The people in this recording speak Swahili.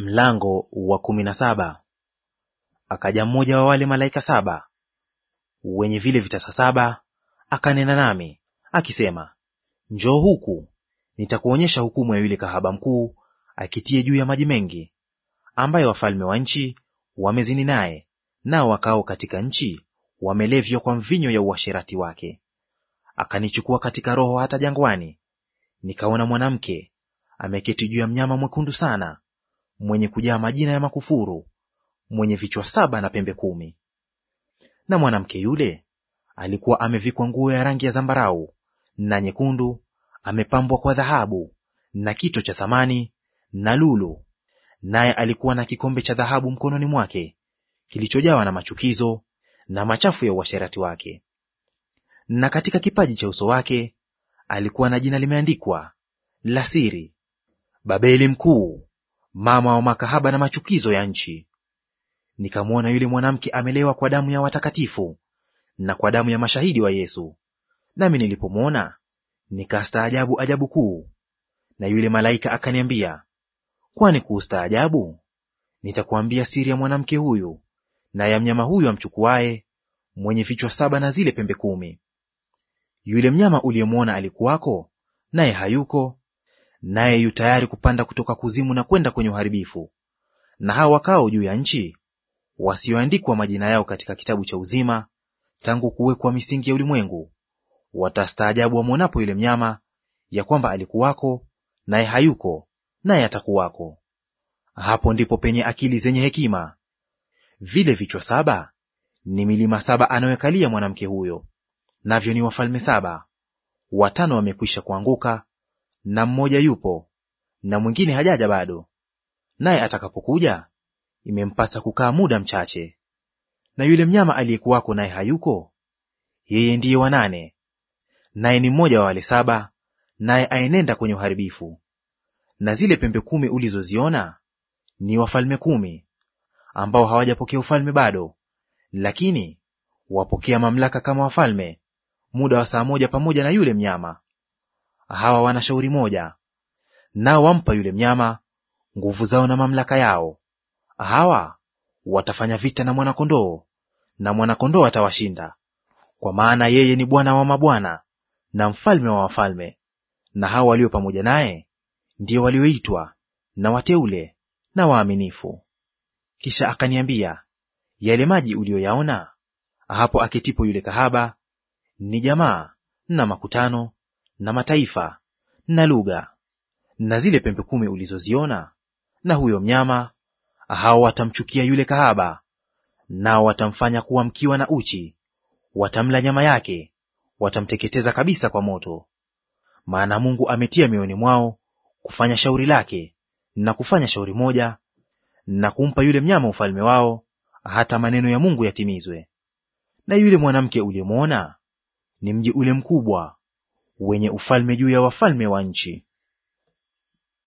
Mlango wa kumi na saba. Akaja mmoja wa wale malaika saba wenye vile vitasa saba, akanena nami akisema, njoo huku, nitakuonyesha hukumu ya yule kahaba mkuu akitie juu ya maji mengi, ambaye wafalme wa nchi wamezini naye, nao wakao katika nchi wamelevywa kwa mvinyo ya uasherati wake. Akanichukua katika roho hata jangwani, nikaona mwanamke ameketi juu ya mnyama mwekundu sana mwenye kujaa majina ya makufuru, mwenye vichwa saba na pembe kumi. Na mwanamke yule alikuwa amevikwa nguo ya rangi ya zambarau na nyekundu, amepambwa kwa dhahabu na kito cha thamani na lulu, naye alikuwa na kikombe cha dhahabu mkononi mwake kilichojawa na machukizo na machafu ya uasherati wake. Na katika kipaji cha uso wake alikuwa na jina limeandikwa la siri, Babeli Mkuu, mama wa makahaba na machukizo ya nchi. Nikamwona yule mwanamke amelewa kwa damu ya watakatifu na kwa damu ya mashahidi wa Yesu. Nami nilipomwona nikastaajabu ajabu kuu. Na yule malaika akaniambia, kwani kuustaajabu? Nitakuambia siri ya mwanamke huyu na ya mnyama huyu amchukuaye, mwenye vichwa saba na zile pembe kumi. Yule mnyama uliyemwona alikuwako, naye hayuko, naye yu tayari kupanda kutoka kuzimu na kwenda kwenye uharibifu. Na hao wakao juu ya nchi, wasioandikwa majina yao katika kitabu cha uzima tangu kuwekwa misingi ya ulimwengu, watastaajabu wamwonapo yule mnyama, ya kwamba alikuwako, naye hayuko, naye atakuwako. Hapo ndipo penye akili zenye hekima. Vile vichwa saba ni milima saba anayokalia mwanamke huyo, navyo ni wafalme saba. Watano wamekwisha kuanguka, na mmoja yupo na mwingine hajaja bado, naye atakapokuja imempasa kukaa muda mchache. Na yule mnyama aliyekuwako naye hayuko, yeye ndiye wanane, naye ni mmoja wa wale saba, naye aenenda kwenye uharibifu. Na zile pembe kumi ulizoziona ni wafalme kumi ambao hawajapokea ufalme bado, lakini wapokea mamlaka kama wafalme muda wa saa moja pamoja na yule mnyama hawa wana shauri moja, nao wampa yule mnyama nguvu zao na mamlaka yao. Hawa watafanya vita na mwana-kondoo, na mwana-kondoo atawashinda, kwa maana yeye ni Bwana wa mabwana na mfalme wa wafalme. Na hawa walio pamoja naye ndio walioitwa na wateule na waaminifu. Kisha akaniambia, yale maji uliyoyaona hapo aketipo yule kahaba ni jamaa na makutano na mataifa na lugha. Na zile pembe kumi ulizoziona na huyo mnyama, hao watamchukia yule kahaba, nao watamfanya kuwa mkiwa na uchi, watamla nyama yake, watamteketeza kabisa kwa moto. Maana Mungu ametia mioyoni mwao kufanya shauri lake na kufanya shauri moja na kumpa yule mnyama ufalme wao, hata maneno ya Mungu yatimizwe. Na yule mwanamke uliyemwona ni mji ule mkubwa wenye ufalme juu ya wafalme wa nchi.